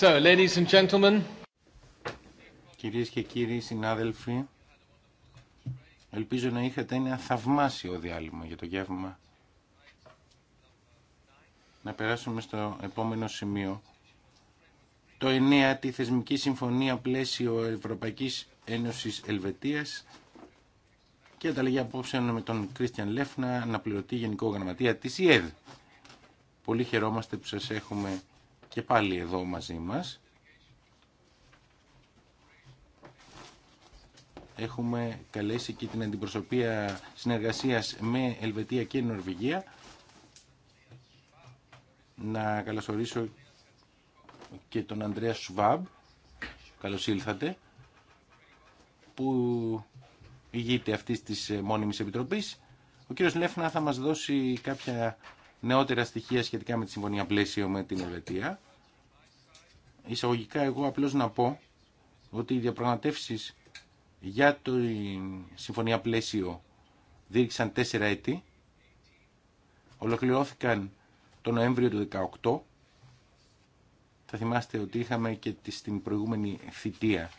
So, ladies and gentlemen. Κυρίες και κύριοι συνάδελφοι, ελπίζω να είχατε ένα θαυμάσιο διάλειμμα για το γεύμα. Να περάσουμε στο επόμενο σημείο. Το 9 τη Θεσμική Συμφωνία Πλαίσιο Ευρωπαϊκής Ένωσης Ελβετίας και ανταλλαγή απόψε με τον Κρίστιαν Λέφνα, αναπληρωτή Γενικό Γραμματεία της ΙΕΔ. Πολύ χαιρόμαστε που σας έχουμε και πάλι εδώ μαζί μας. Έχουμε καλέσει και την αντιπροσωπεία συνεργασίας με Ελβετία και Νορβηγία. Να καλωσορίσω και τον Ανδρέα Σουβάμπ, καλώς ήλθατε, που ηγείται αυτής της ε, μόνιμης επιτροπής. Ο κύριος Λέφνα θα μας δώσει κάποια νεότερα στοιχεία σχετικά με τη συμφωνία πλαίσιο με την Ελβετία. Εισαγωγικά εγώ απλώς να πω ότι οι διαπραγματεύσεις για τη συμφωνία πλαίσιο δήρυξαν τέσσερα έτη, ολοκληρώθηκαν το Νοέμβριο του 2018, θα θυμάστε ότι είχαμε και στην προηγούμενη θητεία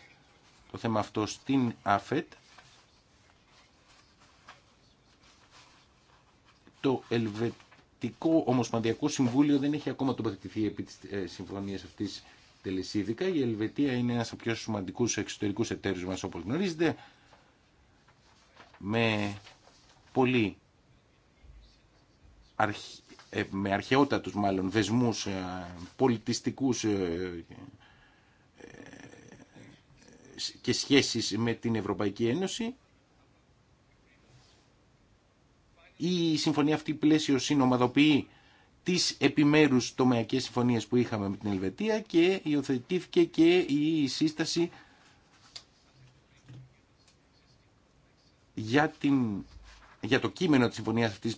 το θέμα αυτό στην ΑΦΕΤ, το Ελβετ Διοικητικό Ομοσπονδιακό Συμβούλιο δεν έχει ακόμα τοποθετηθεί επί της ε, συμφωνίας αυτής τελεσίδικα. Η Ελβετία είναι ένας από πιο σημαντικού εξωτερικούς εταίρους μα όπω γνωρίζετε με πολύ ε, με αρχαιότατους μάλλον δεσμούς ε, πολιτιστικούς και σχέσεις με την Ευρωπαϊκή Ένωση η συμφωνία αυτή πλαίσιο συνομαδοποιεί τι επιμέρους τομεακέ συμφωνίε που είχαμε με την Ελβετία και υιοθετήθηκε και η σύσταση για, την, για το κείμενο της συμφωνίας αυτής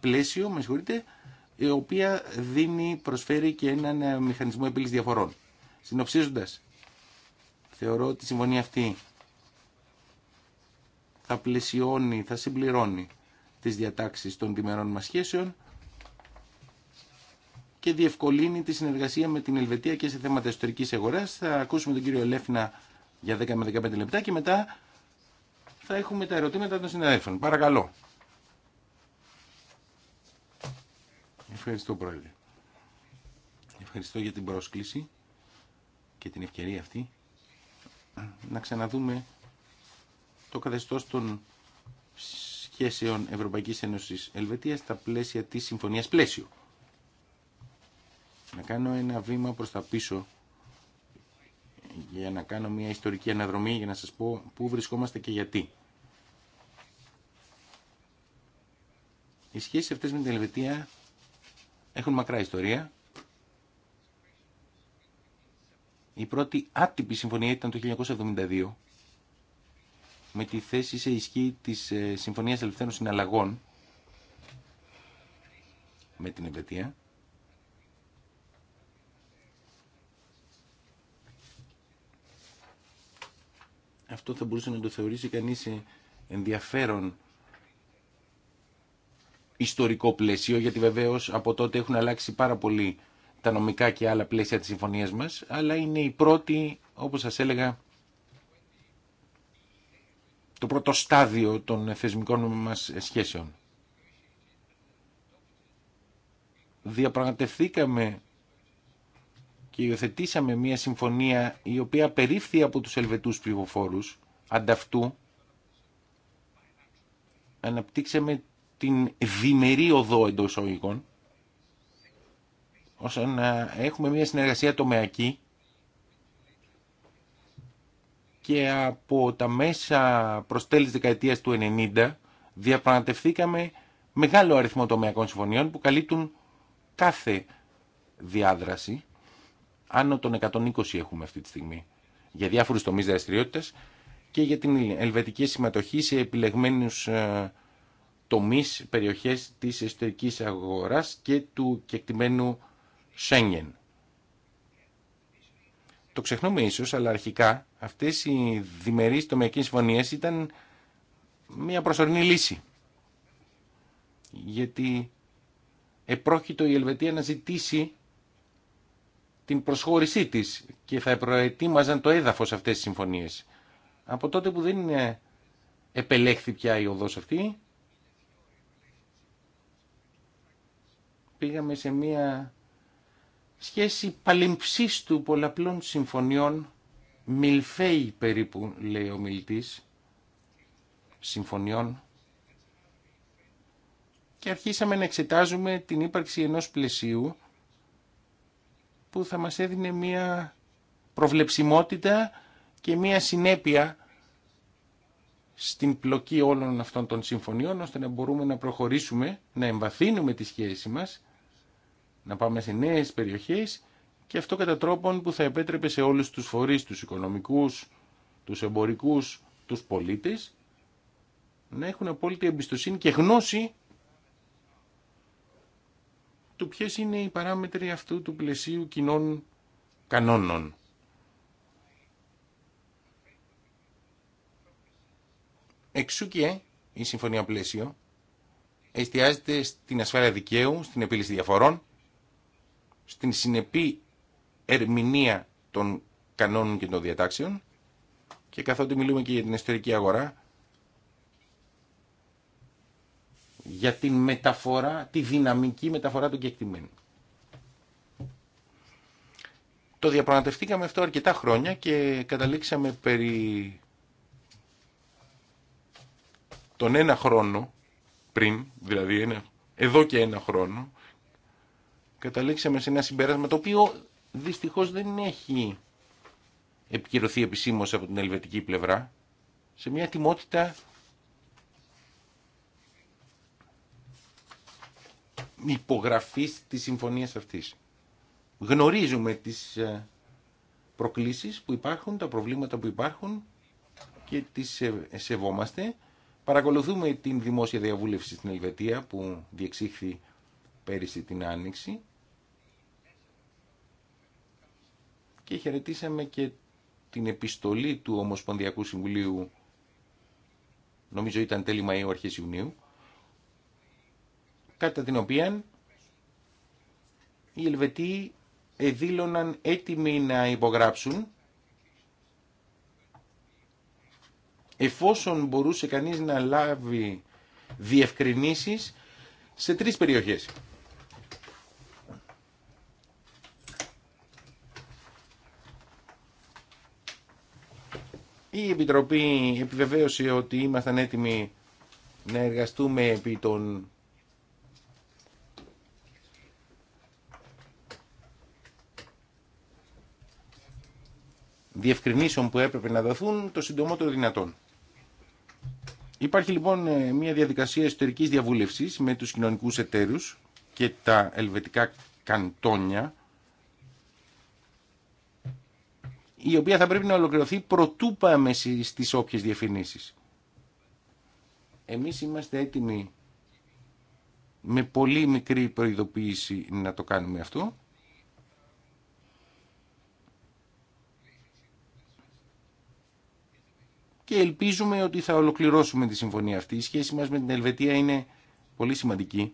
πλαίσιο, με η οποία δίνει, προσφέρει και έναν ε, μηχανισμό επίλυσης διαφορών. Συνοψίζοντας, θεωρώ ότι η συμφωνία αυτή θα πλαισιώνει, θα συμπληρώνει τις διατάξεις των διμερών μας σχέσεων και διευκολύνει τη συνεργασία με την Ελβετία και σε θέματα εσωτερική αγορά. Θα ακούσουμε τον κύριο Ελέφνα για 10 με 15 λεπτά και μετά θα έχουμε τα ερωτήματα των συναδέλφων. Παρακαλώ. Ευχαριστώ, Πρόεδρε. Ευχαριστώ για την πρόσκληση και την ευκαιρία αυτή να ξαναδούμε το καθεστώς των σχέσεων ευρωπαϊκή Ένωση Ελβετία στα πλαίσια τη συμφωνία Πλαίσιο. Να κάνω ένα βήμα προ τα πίσω για να κάνω μια ιστορική αναδρομή για να σας πω πού βρισκόμαστε και γιατί. Οι σχέσεις αυτές με την Ελβετία έχουν μακρά ιστορία. Η πρώτη άτυπη συμφωνία ήταν το 1972 με τη θέση σε ισχύ της ε, Συμφωνίας Ελευθέρων Συναλλαγών με την Ευετία. Αυτό θα μπορούσε να το θεωρήσει κανείς ε, ενδιαφέρον ιστορικό πλαίσιο, γιατί βεβαίως από τότε έχουν αλλάξει πάρα πολύ τα νομικά και άλλα πλαίσια της συμφωνίας μας, αλλά είναι η πρώτη, όπως σας έλεγα, το πρώτο στάδιο των θεσμικών μας σχέσεων. Διαπραγματευθήκαμε και υιοθετήσαμε μια συμφωνία η οποία περίφθη από τους Ελβετούς πληροφόρους. Ανταυτού αναπτύξαμε την διμερή οδό εντό οικών ώστε να έχουμε μια συνεργασία τομεακή και από τα μέσα προς τέλης δεκαετίας του 90 διαπραγματευθήκαμε μεγάλο αριθμό τομεακών συμφωνιών που καλύπτουν κάθε διάδραση. Άνω των 120 έχουμε αυτή τη στιγμή για διάφορους τομείς δραστηριότητα και για την ελβετική συμμετοχή σε επιλεγμένους ε, τομείς, περιοχές της εσωτερικής αγοράς και του κεκτημένου Σέγγεν. Το ξεχνούμε ίσω, αλλά αρχικά αυτές οι διμερείς τομεακέ συμφωνίες ήταν μια προσωρινή λύση. Γιατί επρόκειτο η Ελβετία να ζητήσει την προσχώρησή της και θα προετοίμαζαν το έδαφος αυτές τις συμφωνίες. Από τότε που δεν είναι επελέχθη πια η οδός αυτή, πήγαμε σε μια σχέση του πολλαπλών συμφωνιών, μιλφέη περίπου λέει ο μιλτής, συμφωνιών, και αρχίσαμε να εξετάζουμε την ύπαρξη ενός πλαισίου που θα μας έδινε μία προβλεψιμότητα και μία συνέπεια στην πλοκή όλων αυτών των συμφωνιών ώστε να μπορούμε να προχωρήσουμε, να εμβαθύνουμε τη σχέση μας να πάμε σε νέε περιοχές και αυτό κατά τρόπον που θα επέτρεπε σε όλους τους φορείς, τους οικονομικούς, τους εμπορικούς, τους πολίτε. να έχουν απόλυτη εμπιστοσύνη και γνώση του ποιες είναι οι παράμετροι αυτού του πλαισίου κοινών κανόνων. Εξού και η Συμφωνία Πλαίσιο εστιάζεται στην ασφάλεια δικαίου, στην επίλυση διαφορών, στην συνεπή ερμηνεία των κανόνων και των διατάξεων και καθότι μιλούμε και για την εσωτερική αγορά, για την μεταφορά, τη δυναμική μεταφορά του κεκτημένου. Το διαπραγματευτήκαμε αυτό αρκετά χρόνια και καταλήξαμε περί τον ένα χρόνο πριν, δηλαδή ένα, εδώ και ένα χρόνο, καταλήξαμε σε ένα συμπέρασμα το οποίο δυστυχώς δεν έχει επικυρωθεί επισήμω από την ελβετική πλευρά σε μια τιμότητα υπογραφή της συμφωνίας αυτής. Γνωρίζουμε τις ε, προκλήσεις που υπάρχουν, τα προβλήματα που υπάρχουν και τις ε, σεβόμαστε. Παρακολουθούμε την δημόσια διαβούλευση στην Ελβετία που διεξήχθη πέρυσι την Άνοιξη και χαιρετήσαμε και την επιστολή του Ομοσπονδιακού Συμβουλίου, νομίζω ήταν τέλη Μαΐου, αρχές Ιουνίου, κατά την οποία οι Ελβετοί δήλωναν έτοιμοι να υπογράψουν εφόσον μπορούσε κανείς να λάβει διευκρινήσεις σε τρεις περιοχές. Η Επιτροπή επιβεβαίωσε ότι ήμασταν έτοιμοι να εργαστούμε επί των διευκρινήσεων που έπρεπε να δοθούν το συντομότερο δυνατόν. Υπάρχει λοιπόν ε, μια διαδικασία εσωτερικής διαβούλευσης με τους κοινωνικούς εταίρους και τα ελβετικά καντόνια η οποία θα πρέπει να ολοκληρωθεί προτού πάμε στις όποιες διαφημίσεις. Εμείς είμαστε έτοιμοι με πολύ μικρή προειδοποίηση να το κάνουμε αυτό. Και ελπίζουμε ότι θα ολοκληρώσουμε τη συμφωνία αυτή. Η σχέση μας με την Ελβετία είναι πολύ σημαντική.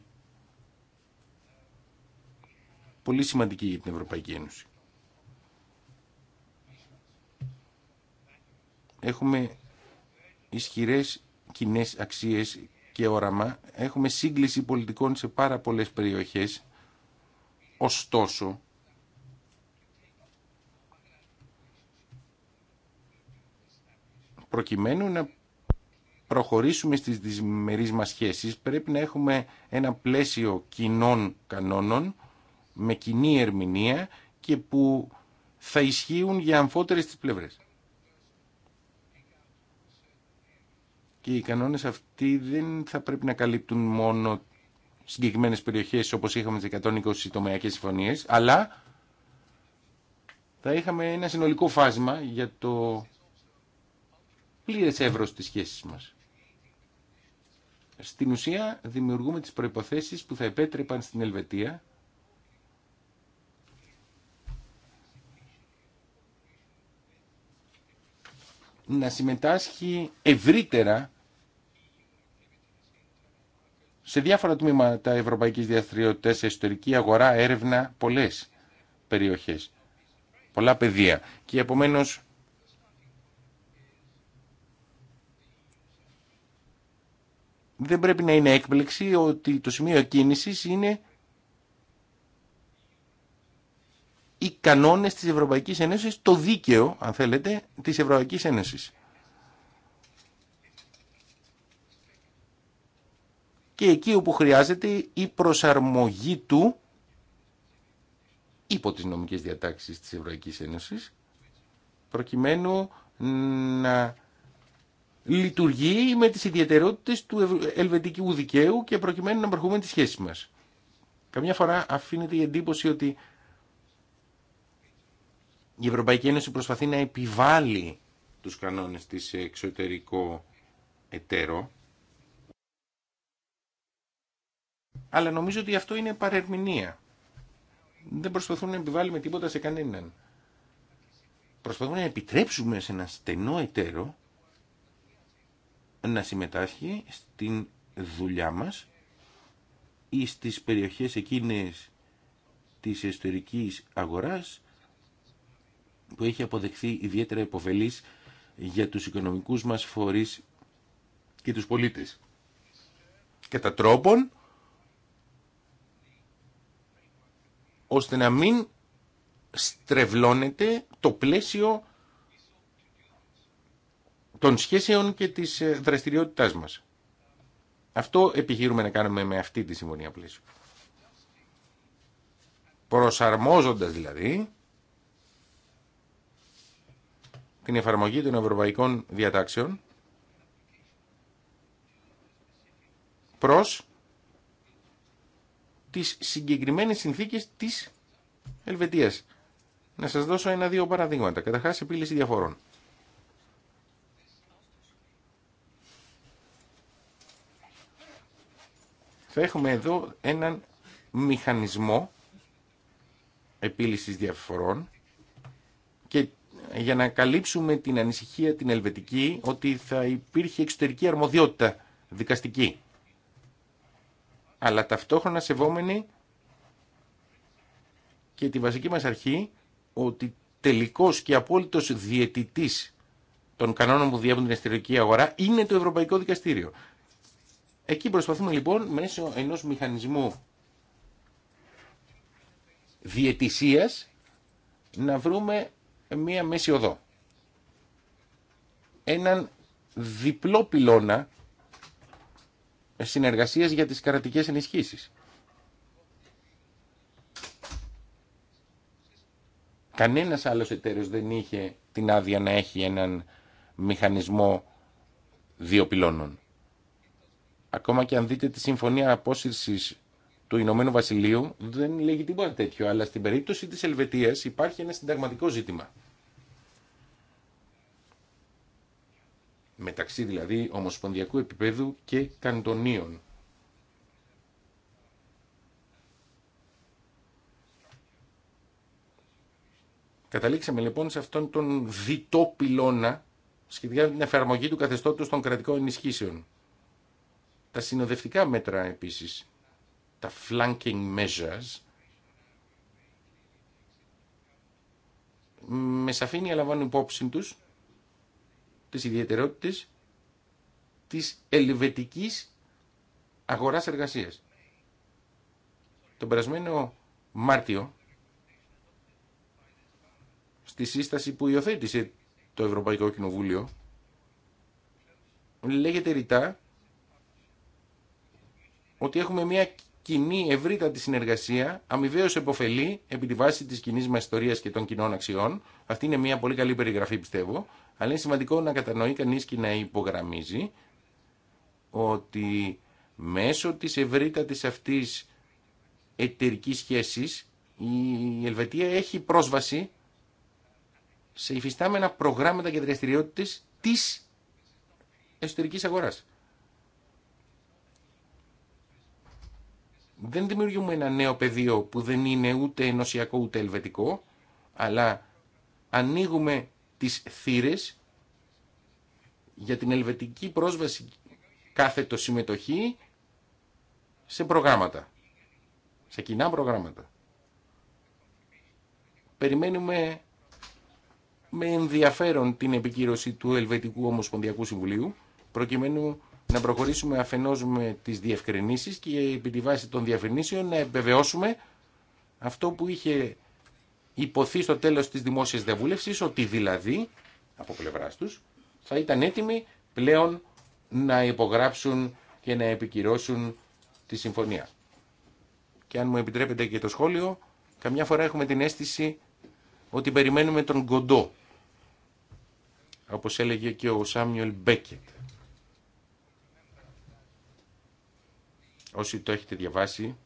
Πολύ σημαντική για την Ευρωπαϊκή Ένωση. έχουμε ισχυρές κοινέ αξίες και όραμα, έχουμε σύγκληση πολιτικών σε πάρα πολλές περιοχές, ωστόσο, προκειμένου να προχωρήσουμε στις δυσμερείς μας σχέσεις, πρέπει να έχουμε ένα πλαίσιο κοινών κανόνων, με κοινή ερμηνεία και που θα ισχύουν για αμφότερες τις πλευρές. Και οι κανόνε αυτοί δεν θα πρέπει να καλύπτουν μόνο συγκεκριμένες περιοχές όπως είχαμε τι 120 τομεακές συμφωνίε, αλλά θα είχαμε ένα συνολικό φάσμα για το πλήρες εύρο τη σχέση μας. Στην ουσία δημιουργούμε τις προϋποθέσεις που θα επέτρεπαν στην Ελβετία να συμμετάσχει ευρύτερα σε διάφορα τμήματα ευρωπαϊκής σε ιστορική αγορά, έρευνα, πολλέ περιοχές, πολλά πεδία. Και επομένω. δεν πρέπει να είναι έκπληξη ότι το σημείο κίνηση είναι οι κανόνες της Ευρωπαϊκής Ένωσης, το δίκαιο, αν θέλετε, της Ευρωπαϊκής Ένωσης. και εκεί όπου χρειάζεται η προσαρμογή του υπό τις νομικές διατάξεις της Ευρωπαϊκής Ένωσης προκειμένου να λειτουργεί με τις ιδιαιτερότητες του ελβετικού δικαίου και προκειμένου να προχωρούμε τις σχέσεις μας. Καμιά φορά αφήνεται η εντύπωση ότι η Ευρωπαϊκή Ένωση προσπαθεί να επιβάλλει τους κανόνες της εξωτερικό εταίρο Αλλά νομίζω ότι αυτό είναι παρερμηνία. Δεν προσπαθούν να επιβάλλουμε τίποτα σε κανέναν. Προσπαθούμε να επιτρέψουμε σε ένα στενό εταίρο να συμμετάσχει στην δουλειά μας ή στις περιοχές εκείνες της ιστορικής αγοράς που έχει αποδεχθεί ιδιαίτερα υποφελής για τους οικονομικούς μας φορείς και τους πολίτες. Κατά τρόπον ώστε να μην στρεβλώνεται το πλαίσιο των σχέσεων και της ε, δραστηριότητάς μας. Αυτό επιχειρούμε να κάνουμε με αυτή τη συμφωνία πλαίσιο. Προσαρμόζοντας δηλαδή την εφαρμογή των ευρωπαϊκών διατάξεων προς τις συγκεκριμένες συνθήκες της Ελβετίας. Να σας δώσω ένα-δύο παραδείγματα. Καταρχά, επίλυση διαφορών. Θα έχουμε εδώ έναν μηχανισμό επίλυσης διαφορών και για να καλύψουμε την ανησυχία την ελβετική ότι θα υπήρχε εξωτερική αρμοδιότητα δικαστική αλλά ταυτόχρονα σεβόμενοι και τη βασική μας αρχή ότι τελικός και απόλυτος διαιτητής των κανόνων που διέπουν την εστιατορική αγορά είναι το Ευρωπαϊκό Δικαστήριο. Εκεί προσπαθούμε λοιπόν μέσω ενός μηχανισμού διαιτησίας να βρούμε μία μέση οδό. Έναν διπλό πυλώνα συνεργασίας για τις κρατικές ενισχύσεις. Κανένας άλλος εταίρος δεν είχε την άδεια να έχει έναν μηχανισμό δύο πυλώνων. Ακόμα και αν δείτε τη συμφωνία απόσυρσης του Ηνωμένου Βασιλείου, δεν λέγει τίποτα τέτοιο, αλλά στην περίπτωση της Ελβετίας υπάρχει ένα συνταγματικό ζήτημα. μεταξύ δηλαδή ομοσπονδιακού επίπεδου και καντονίων. Καταλήξαμε λοιπόν σε αυτόν τον διτό πυλώνα σχετικά με την εφαρμογή του καθεστώτος των κρατικών ενισχύσεων. Τα συνοδευτικά μέτρα επίσης, τα flanking measures, με σαφήνεια λαμβάνουν υπόψη τους τις ιδιαιτερότητες της ελβετικής αγοράς εργασίας. Το περασμένο Μάρτιο, στη σύσταση που υιοθέτησε το Ευρωπαϊκό Κοινοβούλιο, λέγεται ρητά ότι έχουμε μια κοινή ευρύτατη συνεργασία, αμοιβαίω επωφελή επί τη βάση τη κοινή μα ιστορία και των κοινών αξιών. Αυτή είναι μια πολύ καλή περιγραφή, πιστεύω. Αλλά είναι σημαντικό να κατανοεί κανείς και να υπογραμμίζει ότι μέσω της ευρύτατης αυτής εταιρικής σχέσης η Ελβετία έχει πρόσβαση σε υφιστάμενα προγράμματα και δραστηριότητε της εσωτερικής αγοράς. Δεν δημιουργούμε ένα νέο πεδίο που δεν είναι ούτε ενωσιακό ούτε ελβετικό, αλλά ανοίγουμε τις θύρες για την ελβετική πρόσβαση το συμμετοχή σε προγράμματα, σε κοινά προγράμματα. Περιμένουμε με ενδιαφέρον την επικύρωση του Ελβετικού Ομοσπονδιακού Συμβουλίου, προκειμένου να προχωρήσουμε αφενός με τις διευκρινήσεις και επί τη βάση των διευκρινήσεων να επιβεβαιώσουμε αυτό που είχε υποθεί στο τέλο τη δημόσια διαβούλευση ότι δηλαδή από πλευράς του θα ήταν έτοιμοι πλέον να υπογράψουν και να επικυρώσουν τη συμφωνία. Και αν μου επιτρέπετε και το σχόλιο, καμιά φορά έχουμε την αίσθηση ότι περιμένουμε τον κοντό, όπως έλεγε και ο Σάμιουελ Μπέκετ. Όσοι το έχετε διαβάσει,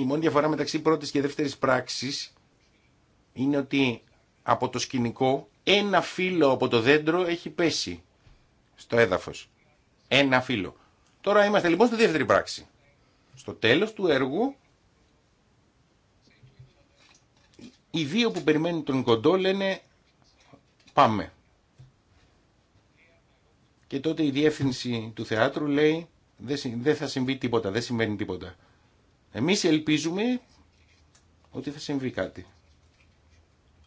η μόνη διαφορά μεταξύ πρώτης και δεύτερης πράξης είναι ότι από το σκηνικό ένα φύλλο από το δέντρο έχει πέσει στο έδαφος. Ένα φύλλο. Τώρα είμαστε λοιπόν στη δεύτερη πράξη. Στο τέλος του έργου οι δύο που περιμένουν τον κοντό λένε πάμε. Και τότε η διεύθυνση του θεάτρου λέει δεν θα συμβεί τίποτα, δεν συμβαίνει τίποτα. Εμείς ελπίζουμε ότι θα συμβεί κάτι.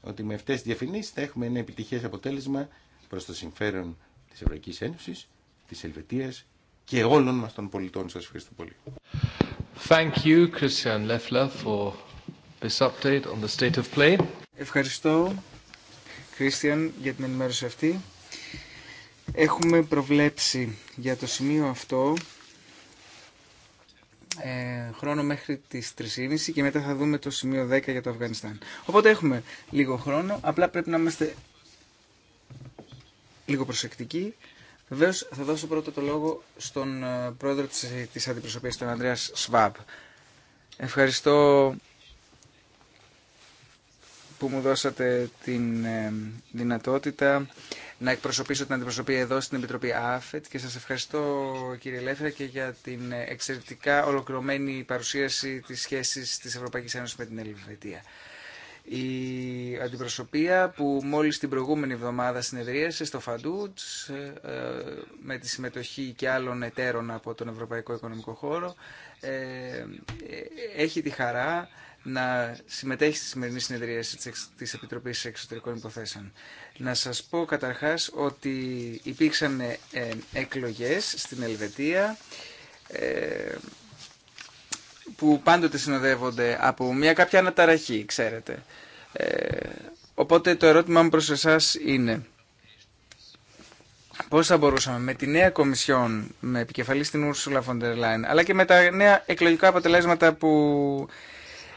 Ότι με αυτές τις διαφημίσεις θα έχουμε ένα επιτυχές αποτέλεσμα προς το συμφέρον της Ευρωπαϊκής Ένωσης, της Ελβετίας και όλων μας των πολιτών. Σας ευχαριστώ πολύ. Thank you, Christian the state of play. Ευχαριστώ, Christian, για την ενημέρωση αυτή. Έχουμε προβλέψει για το σημείο αυτό ε, χρόνο μέχρι τις 3.30 και μετά θα δούμε το σημείο 10 για το Αφγανιστάν. Οπότε έχουμε λίγο χρόνο, απλά πρέπει να είμαστε λίγο προσεκτικοί. Βεβαίω θα δώσω πρώτα το λόγο στον ε, πρόεδρο της, της αντιπροσωπείας, τον Ανδρέας Σβάμπ. Ευχαριστώ που μου δώσατε την ε, δυνατότητα να εκπροσωπήσω την αντιπροσωπεία εδώ στην Επιτροπή ΑΦΕΤ και σας ευχαριστώ κύριε Λέφρα και για την εξαιρετικά ολοκληρωμένη παρουσίαση της σχέσης της Ευρωπαϊκής Ένωσης με την Ελβετία. Η αντιπροσωπεία που μόλις την προηγούμενη εβδομάδα συνεδρίασε στο Φαντούτς ε, με τη συμμετοχή και άλλων εταίρων από τον Ευρωπαϊκό Οικονομικό Χώρο ε, ε, έχει τη χαρά να συμμετέχει στη σημερινή συνεδρία τη επιτροπή Εξωτερικών Υποθέσεων. Να σας πω καταρχάς ότι υπήρξαν ε, εκλογές στην Ελβετία ε, που πάντοτε συνοδεύονται από μια κάποια αναταραχή, ξέρετε. Ε, οπότε το ερώτημά μου προς εσάς είναι πώς θα μπορούσαμε με τη νέα Κομισιόν, με επικεφαλή στην Ursula von der Leyen, αλλά και με τα νέα εκλογικά αποτελέσματα που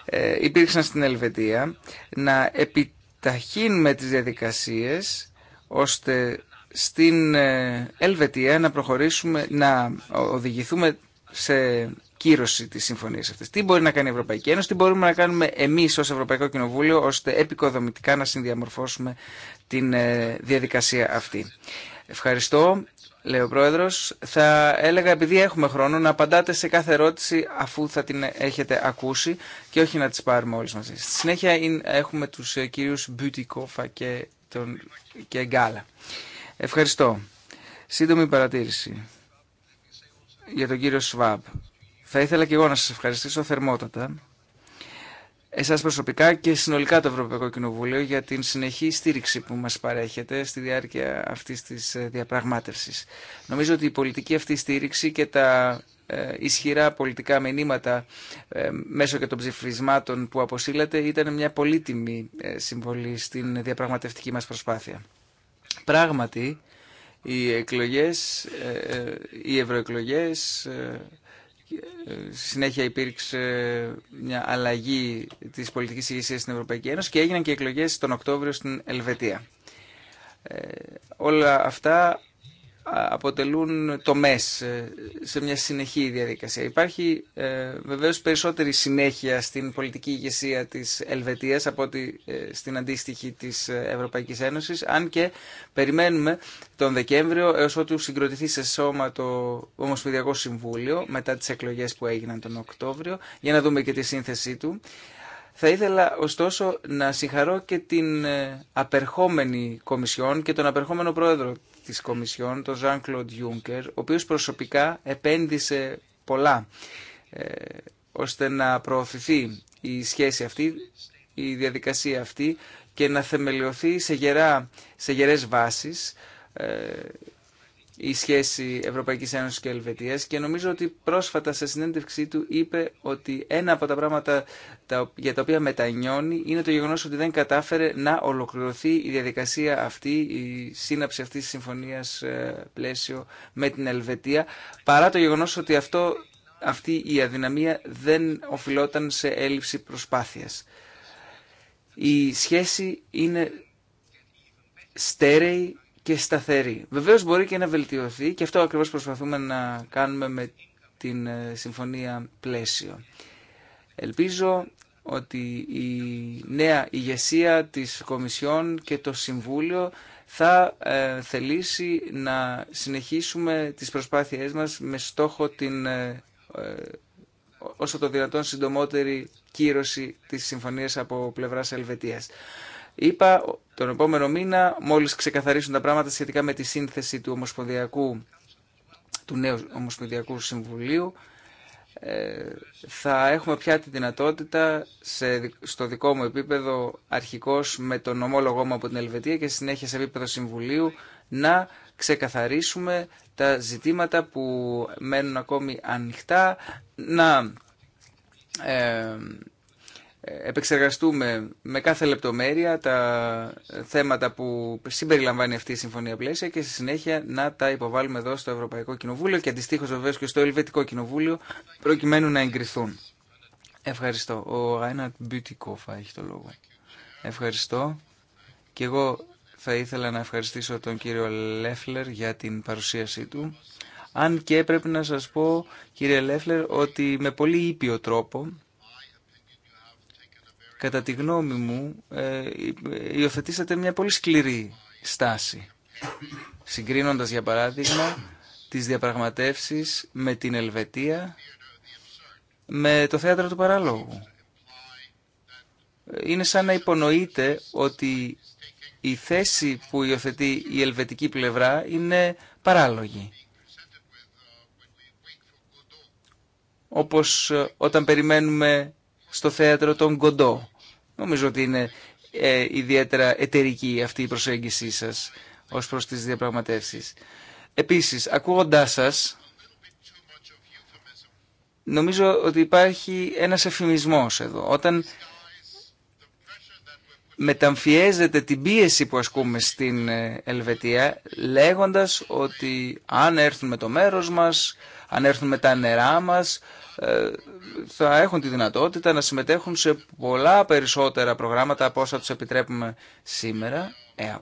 ε, υπήρξαν στην Ελβετία, να επιταχύνουμε τις διαδικασίες ώστε στην ε, Ελβετία να προχωρήσουμε, να οδηγηθούμε σε κύρωση τη συμφωνία αυτή. Τι μπορεί να κάνει η Ευρωπαϊκή Ένωση, τι μπορούμε να κάνουμε εμείς ως Ευρωπαϊκό Κοινοβούλιο, ώστε επικοδομητικά να συνδιαμορφώσουμε την ε, διαδικασία αυτή. Ευχαριστώ λέει ο πρόεδρο, Θα έλεγα επειδή έχουμε χρόνο να απαντάτε σε κάθε ερώτηση αφού θα την έχετε ακούσει και όχι να τι πάρουμε όλε μαζί. Στη συνέχεια έχουμε τους ε, κύριους Μπιουτικόφα και, τον, και Γκάλα. Ευχαριστώ. Σύντομη παρατήρηση για τον κύριο Σβάμπ. Θα ήθελα και εγώ να σας ευχαριστήσω θερμότατα εσάς προσωπικά και συνολικά το Ευρωπαϊκό Κοινοβούλιο για την συνεχή στήριξη που μας παρέχετε στη διάρκεια αυτής της ε, διαπραγμάτευσης. Νομίζω ότι η πολιτική αυτή στήριξη και τα ε, ισχυρά πολιτικά μηνύματα ε, μέσω και των ψηφισμάτων που αποσύλλατε ήταν μια πολύτιμη συμβολή στην διαπραγματευτική μας προσπάθεια. Πράγματι, οι εκλογές, οι ευρωεκλογές ε, συνέχεια υπήρξε μια αλλαγή της πολιτικής ηγεσίας στην Ευρωπαϊκή Ένωση και έγιναν και εκλογές τον Οκτώβριο στην Ελβετία. Ε, όλα αυτά αποτελούν τομές ε, σε μια συνεχή διαδικασία. Υπάρχει ε, βεβαίως περισσότερη συνέχεια στην πολιτική ηγεσία της Ελβετίας από ότι ε, στην αντίστοιχη της Ευρωπαϊκής Ένωσης, αν και περιμένουμε τον Δεκέμβριο έως ότου συγκροτηθεί σε σώμα το Ομοσπονδιακό Συμβούλιο μετά τις εκλογές που έγιναν τον Οκτώβριο, για να δούμε και τη σύνθεσή του. Θα ήθελα ωστόσο να συγχαρώ και την ε, απερχόμενη Κομισιόν και τον απερχόμενο πρόεδρο της Κομισιόν, τον Jean-Claude Juncker, ο οποίος προσωπικά επένδυσε πολλά ε, ώστε να προωθηθεί η σχέση αυτή, η διαδικασία αυτή και να θεμελιωθεί σε, γερά, σε γερές βάσεις ε, η σχέση Ευρωπαϊκής Ένωσης και Ελβετίας και νομίζω ότι πρόσφατα σε συνέντευξή του είπε ότι ένα από τα πράγματα για τα οποία μετανιώνει είναι το γεγονός ότι δεν κατάφερε να ολοκληρωθεί η διαδικασία αυτή, η σύναψη αυτής της συμφωνίας ε, πλαίσιο με την Ελβετία, παρά το γεγονός ότι αυτό, αυτή η αδυναμία δεν οφειλόταν σε έλλειψη προσπάθειας. Η σχέση είναι στέρεη και σταθερή. Βεβαίως μπορεί και να βελτιωθεί και αυτό ακριβώς προσπαθούμε να κάνουμε με την ε, συμφωνία πλαίσιο. Ελπίζω ότι η νέα ηγεσία της Κομισιόν και το Συμβούλιο θα ε, θελήσει να συνεχίσουμε τις προσπάθειές μας με στόχο την ε, όσο το δυνατόν συντομότερη κύρωση της συμφωνίας από πλευράς Ελβετίας. Είπα τον επόμενο μήνα, μόλις ξεκαθαρίσουν τα πράγματα σχετικά με τη σύνθεση του, ομοσπονδιακού, του νέου Ομοσπονδιακού Συμβουλίου, ε, θα έχουμε πια τη δυνατότητα σε, στο δικό μου επίπεδο αρχικός με τον ομόλογό μου από την Ελβετία και συνέχεια σε επίπεδο Συμβουλίου να ξεκαθαρίσουμε τα ζητήματα που μένουν ακόμη ανοιχτά, να ε, επεξεργαστούμε με κάθε λεπτομέρεια τα θέματα που συμπεριλαμβάνει αυτή η συμφωνία πλαίσια και στη συνέχεια να τα υποβάλουμε εδώ στο Ευρωπαϊκό Κοινοβούλιο και αντιστοίχω βεβαίω και στο Ελβετικό Κοινοβούλιο προκειμένου να εγκριθούν. Ευχαριστώ. Ο Ράιναρτ Μπιουτικόφα έχει το λόγο. Ευχαριστώ. Και εγώ θα ήθελα να ευχαριστήσω τον κύριο Λέφλερ για την παρουσίασή του. Αν και πρέπει να σας πω, κύριε Λέφλερ, ότι με πολύ ήπιο τρόπο κατά τη γνώμη μου, ε, υιοθετήσατε μια πολύ σκληρή στάση. Συγκρίνοντας, για παράδειγμα, τις διαπραγματεύσεις με την Ελβετία, με το θέατρο του παράλογου. Είναι σαν να υπονοείτε ότι η θέση που υιοθετεί η ελβετική πλευρά είναι παράλογη. Όπως ε, όταν περιμένουμε στο θέατρο τον Κοντό. Νομίζω ότι είναι ε, ιδιαίτερα εταιρική αυτή η προσέγγιση σας ως προς τις διαπραγματεύσεις. Επίσης, ακούγοντάς σας, νομίζω ότι υπάρχει ένας εφημισμός εδώ. Όταν μεταμφιέζεται την πίεση που ασκούμε στην ε, Ελβετία λέγοντας ότι αν έρθουν με το μέρος μας, αν έρθουν με τα νερά μας ε, θα έχουν τη δυνατότητα να συμμετέχουν σε πολλά περισσότερα προγράμματα από όσα τους επιτρέπουμε σήμερα. Ε,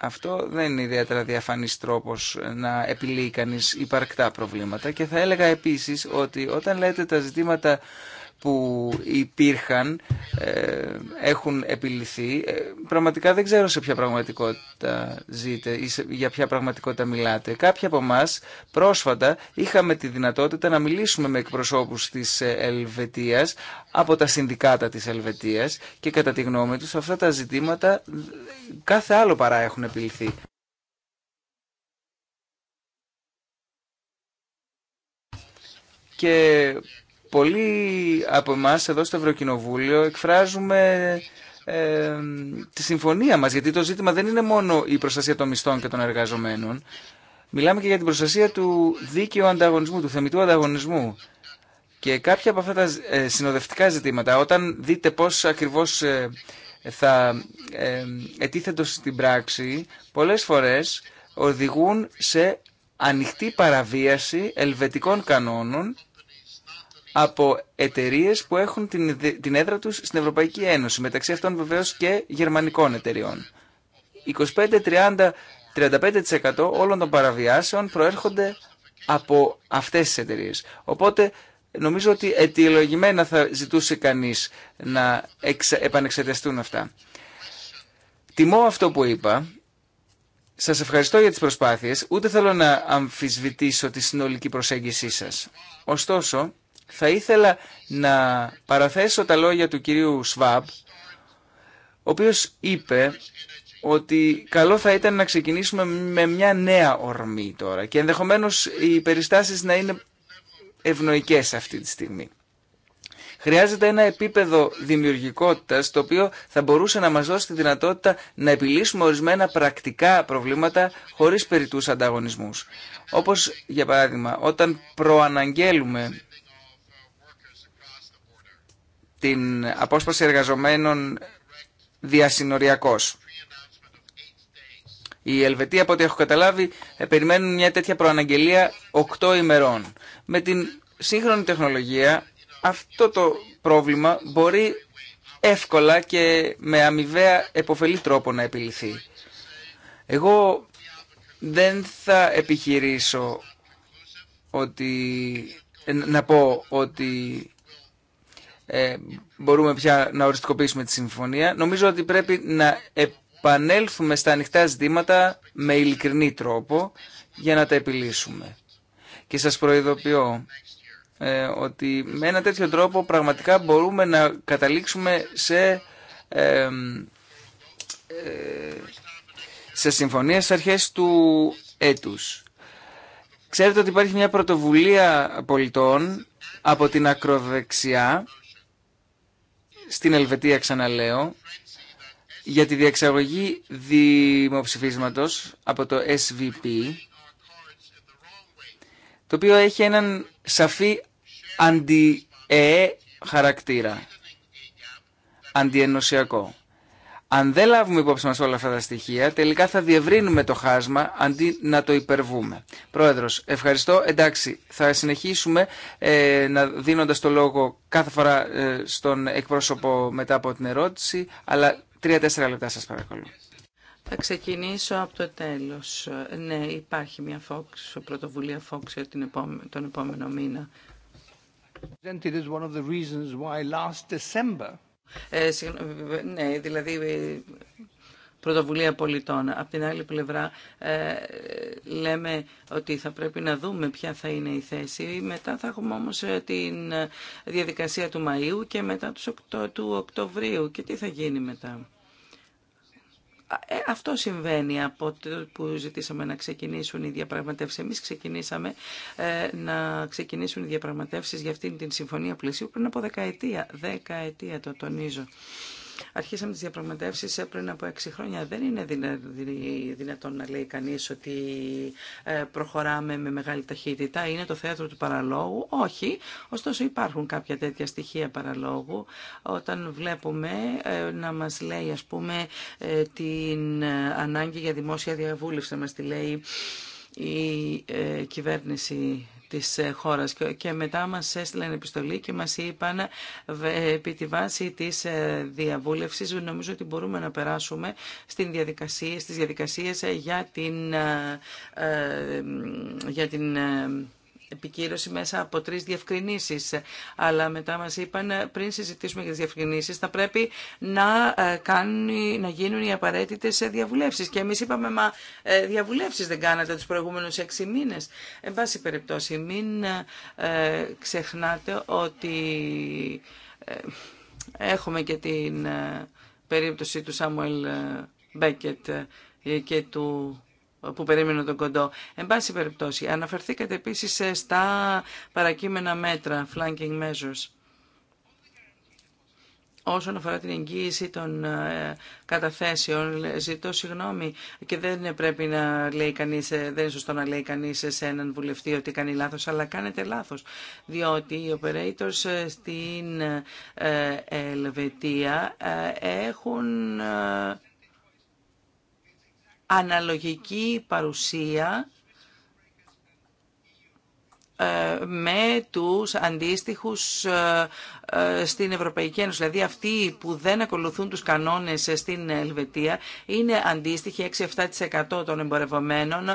αυτό δεν είναι ιδιαίτερα διαφανής τρόπος να επιλύει κανείς υπαρκτά προβλήματα και θα έλεγα επίσης ότι όταν λέτε τα ζητήματα που υπήρχαν ε, έχουν επιληθεί. Ε, πραγματικά δεν ξέρω σε ποια πραγματικότητα ζείτε ή για ποια πραγματικότητα μιλάτε. Κάποιοι από εμά πρόσφατα είχαμε τη δυνατότητα να μιλήσουμε με εκπροσώπους της ε, Ελβετίας από τα συνδικάτα της Ελβετίας και κατά τη γνώμη τους αυτά τα ζητήματα κάθε άλλο παρά έχουν επιληθεί. Και πολλοί από εμά εδώ στο Ευρωκοινοβούλιο εκφράζουμε ε, τη συμφωνία μας, γιατί το ζήτημα δεν είναι μόνο η προστασία των μισθών και των εργαζομένων. Μιλάμε και για την προστασία του δίκαιου ανταγωνισμού, του θεμητού ανταγωνισμού. Και κάποια από αυτά τα ε, συνοδευτικά ζητήματα, όταν δείτε πώς ακριβώς ε, θα ετίθετο στην πράξη, πολλές φορές οδηγούν σε ανοιχτή παραβίαση ελβετικών κανόνων από εταιρείε που έχουν την, την έδρα τους στην Ευρωπαϊκή Ένωση, μεταξύ αυτών βεβαίως και γερμανικών εταιρεών. 25-30-35% όλων των παραβιάσεων προέρχονται από αυτές τις εταιρείε. Οπότε νομίζω ότι αιτιολογημένα θα ζητούσε κανείς να επανεξεταστούν αυτά. Τιμώ αυτό που είπα. Σας ευχαριστώ για τις προσπάθειε. Ούτε θέλω να αμφισβητήσω τη συνολική προσέγγισή σα. Ωστόσο, θα ήθελα να παραθέσω τα λόγια του κυρίου Σβάμπ, ο οποίος είπε ότι καλό θα ήταν να ξεκινήσουμε με μια νέα ορμή τώρα και ενδεχομένως οι περιστάσεις να είναι ευνοϊκές αυτή τη στιγμή. Χρειάζεται ένα επίπεδο δημιουργικότητας το οποίο θα μπορούσε να μας δώσει τη δυνατότητα να επιλύσουμε ορισμένα πρακτικά προβλήματα χωρίς περιτούς ανταγωνισμούς. Όπως για παράδειγμα όταν προαναγγέλουμε την απόσπαση εργαζομένων διασυνοριακώς. Η Ελβετία, από ό,τι έχω καταλάβει, ε, περιμένουν μια τέτοια προαναγγελία οκτώ ημερών. Με την σύγχρονη τεχνολογία αυτό το πρόβλημα μπορεί εύκολα και με αμοιβαία επωφελή τρόπο να επιληθεί. Εγώ δεν θα επιχειρήσω ότι, ε, να πω ότι ε, μπορούμε πια να οριστικοποιήσουμε τη συμφωνία. Νομίζω ότι πρέπει να επανέλθουμε στα ανοιχτά ζητήματα με ειλικρινή τρόπο για να τα επιλύσουμε. Και σας προειδοποιώ ε, ότι με ένα τέτοιο τρόπο πραγματικά μπορούμε να καταλήξουμε σε, ε, ε σε συμφωνίες αρχές του έτους. Ξέρετε ότι υπάρχει μια πρωτοβουλία πολιτών από την ακροδεξιά στην Ελβετία ξαναλέω για τη διεξαγωγή δημοψηφίσματος από το SVP το οποίο έχει έναν σαφή χαρακτήρα, αντιενωσιακό. Αν δεν λάβουμε υπόψη μας όλα αυτά τα στοιχεία, τελικά θα διευρύνουμε το χάσμα αντί να το υπερβούμε. Πρόεδρος, ευχαριστώ. Εντάξει, θα συνεχίσουμε ε, να δίνοντας το λόγο κάθε φορά ε, στον εκπρόσωπο μετά από την ερώτηση, αλλά τρία-τέσσερα λεπτά σας παρακαλώ. Θα ξεκινήσω από το τέλος. Ναι, υπάρχει μια Fox, πρωτοβουλία Fox για επόμε... τον επόμενο μήνα. one ε, ε, ναι, δηλαδή ε, πρωτοβουλία πολιτών. Απ' την άλλη πλευρά ε, λέμε ότι θα πρέπει να δούμε ποια θα είναι η θέση. Μετά θα έχουμε όμως την διαδικασία του Μαΐου και μετά του Οκτωβρίου. Και τι θα γίνει μετά. Ε, αυτό συμβαίνει από το που ζητήσαμε να ξεκινήσουν οι διαπραγματεύσεις. Εμείς ξεκινήσαμε ε, να ξεκινήσουν οι διαπραγματεύσεις για αυτήν την συμφωνία πλαισίου πριν από δεκαετία. Δεκαετία το τονίζω. Αρχίσαμε τις διαπραγματεύσεις ε, πριν από έξι χρόνια. Δεν είναι δυνατόν να λέει κανείς ότι ε, προχωράμε με μεγάλη ταχύτητα. Είναι το θέατρο του παραλόγου. Όχι. Ωστόσο υπάρχουν κάποια τέτοια στοιχεία παραλόγου. Όταν βλέπουμε ε, να μας λέει ας πούμε την ανάγκη για δημόσια διαβούλευση, να μας τη λέει η κυβέρνηση της ε, χώρας και μετά μας έστειλαν επιστολή και μας είπαν επί τη βάση της ε, διαβούλευσης νομίζω ότι μπορούμε να περάσουμε στην διαδικασία, στις διαδικασίες ε, για την, για την επικύρωση μέσα από τρει διευκρινήσει. Αλλά μετά μα είπαν πριν συζητήσουμε για τι διευκρινήσει, θα πρέπει να, ε, κάνει, να γίνουν οι απαραίτητε διαβουλεύσει. Και εμεί είπαμε, μα ε, διαβουλεύσει δεν κάνατε του προηγούμενους έξι μήνε. Εν πάση περιπτώσει, μην ε, ξεχνάτε ότι έχουμε και την περίπτωση του Σάμουελ Μπέκετ και του που περίμενε τον κοντό. Εν πάση περιπτώσει, αναφερθήκατε επίσης ε, στα παρακείμενα μέτρα, flanking measures όσον αφορά την εγγύηση των ε, καταθέσεων, ζητώ συγγνώμη και δεν πρέπει να λέει κανείς, ε, δεν είναι σωστό να λέει κανείς σε έναν βουλευτή ότι κάνει λάθος, αλλά κάνετε λάθος, διότι οι operators στην Ελβετία έχουν αναλογική παρουσία ε, με τους αντίστοιχους ε, ε, στην Ευρωπαϊκή Ένωση. Δηλαδή αυτοί που δεν ακολουθούν τους κανόνες στην Ελβετία είναι αντίστοιχοι 6-7% των εμπορευομένων.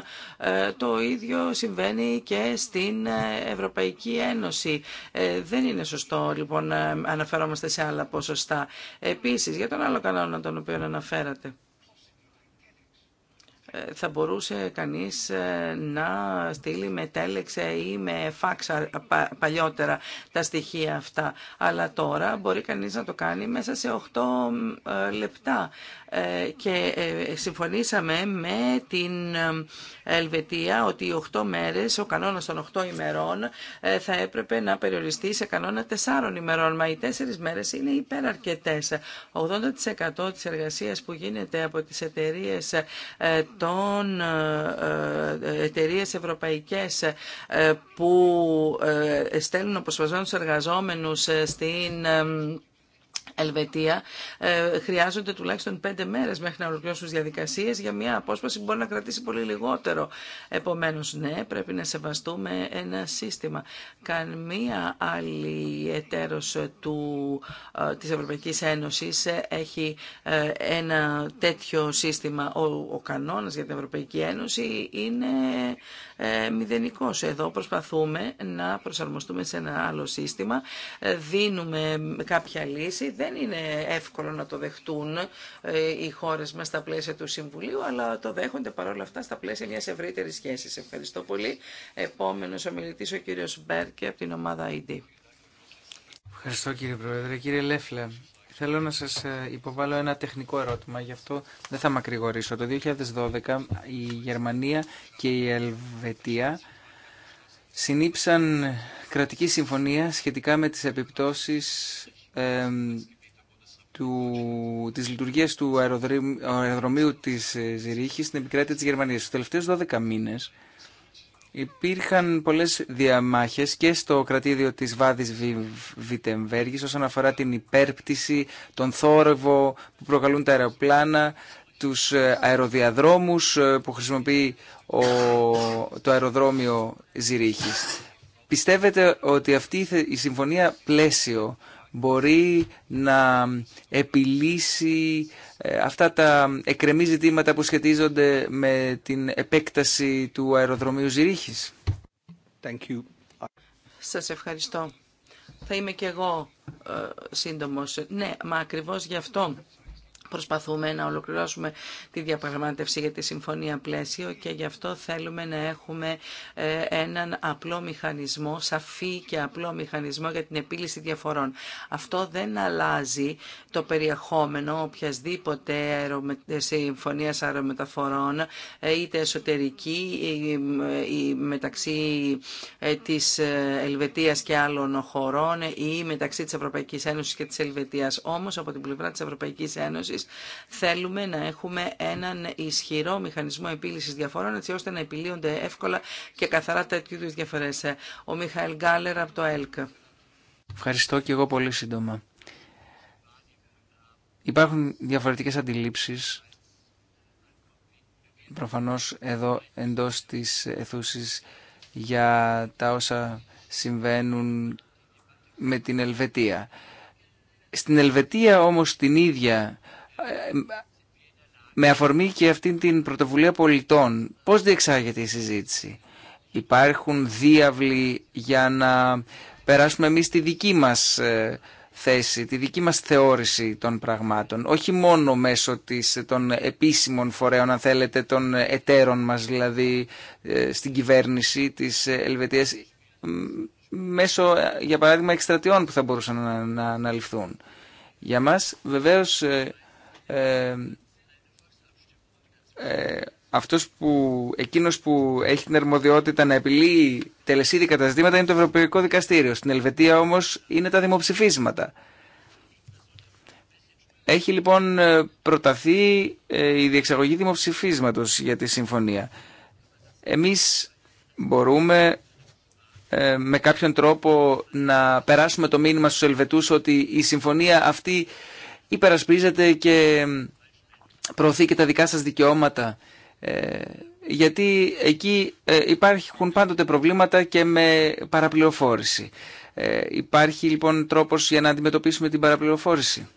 Το ίδιο συμβαίνει και στην Ευρωπαϊκή Ένωση. Δεν είναι σωστό λοιπόν να αναφερόμαστε σε άλλα ποσοστά. Επίσης για τον άλλο κανόνα τον οποίο αναφέρατε. Ε, θα μπορούσε κανείς ε, να στείλει με τέλεξε ή με φάξα παλιότερα τα στοιχεία αυτά. Αλλά τώρα μπορεί κανείς να το κάνει μέσα σε 8 ε, λεπτά. Και συμφωνήσαμε με την Ελβετία ότι οι 8 μέρες, ο κανόνας των 8 ημερών θα έπρεπε να περιοριστεί σε κανόνα 4 ημερών. Μα οι 4 μέρες είναι υπεραρκετές. 80% της εργασίας που γίνεται από τις εταιρείες των ε, ε, εταιρείε ευρωπαϊκέ ε, που στέλνουν αποσπασμένου εργαζόμενους στην Ελβετία ε, χρειάζονται τουλάχιστον πέντε μέρε μέχρι να ολοκληρώσουν τι διαδικασίε για μια απόσπαση που μπορεί να κρατήσει πολύ λιγότερο. Επομένω, ναι, πρέπει να σεβαστούμε ένα σύστημα. Καμία άλλη εταίρο ε, τη Ευρωπαϊκή Ένωση ε, έχει ένα τέτοιο σύστημα. Ο, ο κανόνα για την Ευρωπαϊκή Ένωση είναι ε, μηδενικό. Εδώ προσπαθούμε να προσαρμοστούμε σε ένα άλλο σύστημα. Δίνουμε κάποια λύση δεν είναι εύκολο να το δεχτούν ε, οι χώρες μας στα πλαίσια του Συμβουλίου, αλλά το δέχονται παρόλα αυτά στα πλαίσια μιας ευρύτερης σχέσης. Ευχαριστώ πολύ. Επόμενος ο ο κύριος Μπέρκε από την ομάδα ID. Ευχαριστώ κύριε Πρόεδρε. Κύριε Λέφλε, θέλω να σας ε, υποβάλω ένα τεχνικό ερώτημα, γι' αυτό δεν θα μακρηγορήσω. Το 2012 η Γερμανία και η Ελβετία συνήψαν κρατική συμφωνία σχετικά με τις επιπτώσεις του, της λειτουργίας του αεροδρομίου της ε, Ζηρίχης στην επικράτεια της Γερμανίας. Στους τελευταίους 12 μήνες υπήρχαν πολλές διαμάχες και στο κρατήδιο της Βάδης Βιτεμβέργης όσον αφορά την υπέρπτυση, τον θόρυβο που προκαλούν τα αεροπλάνα, τους ε, αεροδιαδρόμους ε, που χρησιμοποιεί το αεροδρόμιο Ζηρίχης. Πιστεύετε ότι αυτή η συμφωνία πλαίσιο μπορεί να επιλύσει ε, αυτά τα εκρεμή ζητήματα που σχετίζονται με την επέκταση του αεροδρομίου Ζηρίχης. Thank Σας ευχαριστώ. Θα είμαι και εγώ ε, σύντομος. Ναι, μα ακριβώς γι' αυτό Προσπαθούμε να ολοκληρώσουμε τη διαπραγμάτευση για τη συμφωνία πλαίσιο και γι' αυτό θέλουμε να έχουμε ε, έναν απλό μηχανισμό, σαφή και απλό μηχανισμό για την επίλυση διαφορών. Αυτό δεν αλλάζει το περιεχόμενο οποιασδήποτε συμφωνία αερομεταφορών, ε, είτε εσωτερική ή ε, μεταξύ της Ελβετίας και άλλων χωρών ή μεταξύ της Ευρωπαϊκής Ένωσης και της Ελβετίας. Όμως από την πλευρά της Ευρωπαϊκής Ένωσης Θέλουμε να έχουμε έναν ισχυρό μηχανισμό επίλυσης διαφορών έτσι ώστε να επιλύονται εύκολα και καθαρά τέτοιου είδους διαφορές. Ο Μιχαήλ Γκάλερ από το ΕΛΚ. Ευχαριστώ και εγώ πολύ σύντομα. Υπάρχουν διαφορετικές αντιλήψεις προφανώς εδώ εντός της αιθούσης για τα όσα συμβαίνουν με την Ελβετία. Στην Ελβετία όμως την ίδια με αφορμή και αυτήν την πρωτοβουλία πολιτών, πώς διεξάγεται η συζήτηση. Υπάρχουν διάβλοι για να περάσουμε εμείς τη δική μας ε, θέση, τη δική μας θεώρηση των πραγμάτων, όχι μόνο μέσω της, των επίσημων φορέων, αν θέλετε, των εταίρων μας, δηλαδή ε, στην κυβέρνηση της Ελβετίας, μέσω, ε, για παράδειγμα, εκστρατιών που θα μπορούσαν να, αναλυφθούν. Για μας, βεβαίως, ε, που, εκείνος που έχει την αρμοδιότητα να επιλύει τελεσίδη καταστήματα είναι το Ευρωπαϊκό Δικαστήριο. Στην Ελβετία όμως είναι τα δημοψηφίσματα. Έχει λοιπόν ε, προταθεί ε, η διεξαγωγή δημοψηφίσματος για τη συμφωνία. Εμείς μπορούμε ε, με κάποιον τρόπο να περάσουμε το μήνυμα στους Ελβετούς ότι η συμφωνία αυτή υπερασπίζετε και προωθεί και τα δικά σας δικαιώματα ε, γιατί εκεί ε, υπάρχουν πάντοτε προβλήματα και με παραπληροφόρηση. Ε, υπάρχει λοιπόν τρόπος για να αντιμετωπίσουμε την παραπληροφόρηση.